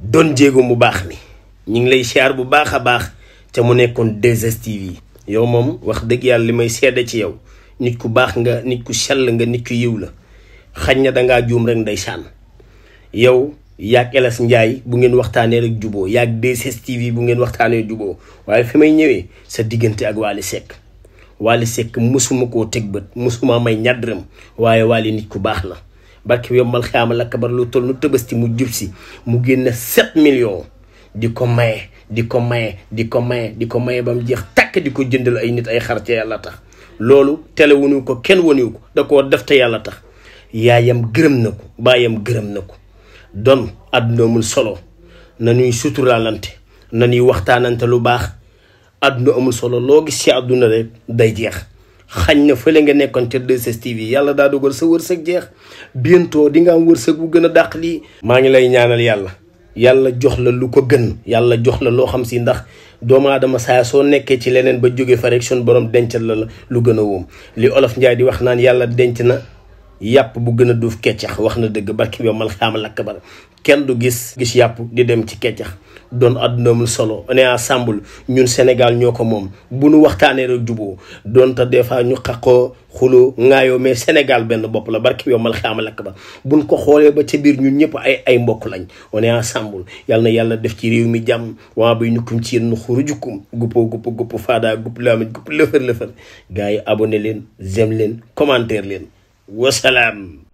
doon jéego mu baax mi ñu ngi lay siyaar bu baax a baax te mu nekkoon 2STV yi yow moom wax dëgg yàlla li may seede ci yow nit ku baax nga nit ku sell nga nit ku yiw la xañ na dangaa juum rek ndeysaan yow yaag Elas njaay bu ngeen waxtaanee rek juboo yaag 2STV bu ngeen waxtaanee juboo waaye fi may ñëwee sa diggante ak Wally Seck Wally sekk mësuma koo teg bët mosuma may ñàddaram waaye Wally nit ku baax la barke yombal lakk lakkabar lu toll nu mu jub si mu génne sept millions di ko maye di ko maye di ko maye di ko maye ba mu jeex tàkk di ko jëndal ay nit ay xar ca yàlla tax loolu tele wunu ko kenn waniwu ko da koo def te yàlla tax yaayam gërëm na ko baayam gërëm na ko don àdduna amul solo na ñuy suturaalante na ñuy waxtaanante lu baax àdduna amul solo loo gis ci àdduna rek day jeex xañ na fële nga nekkoon ca 2STV yàlla daa dogal sa wërsëg jeex bientôt di nga am wërsëg bu gën a dàq lii. maa ngi lay ñaanal yàlla yàlla jox la lu ko gën yàlla jox la loo xam si ndax doomu aadama saa soo nekkee ci leneen ba jóge fa rek sun borom dencal la la lu gën a wóom li olof Njaay di wax naan yàlla denc na. yàpp bu gën a duuf keccax wax na dëgg barki bi mal xaama lakk bar kenn du gis gis yàpp di dem ci keccax doon àdduna mu solo on est ensemble ñun Sénégal ñoo ko moom bu nu waxtaanee rek juboo doon te des fois ñu xaqoo xuloo ŋaayoo mais Sénégal benn bopp la barki bi mal xaama ba bar buñ ko xoolee ba ca biir ñun ñëpp ay ay mbokk lañ on est ensemble yal na yàlla def ci réew mi jàmm waa bay nukkum ci yéen nu xuru jukkum guppoo gupp gupp faadaa gupp laamit gupp yi abonné leen j'aime leen commentaire leen wasalaam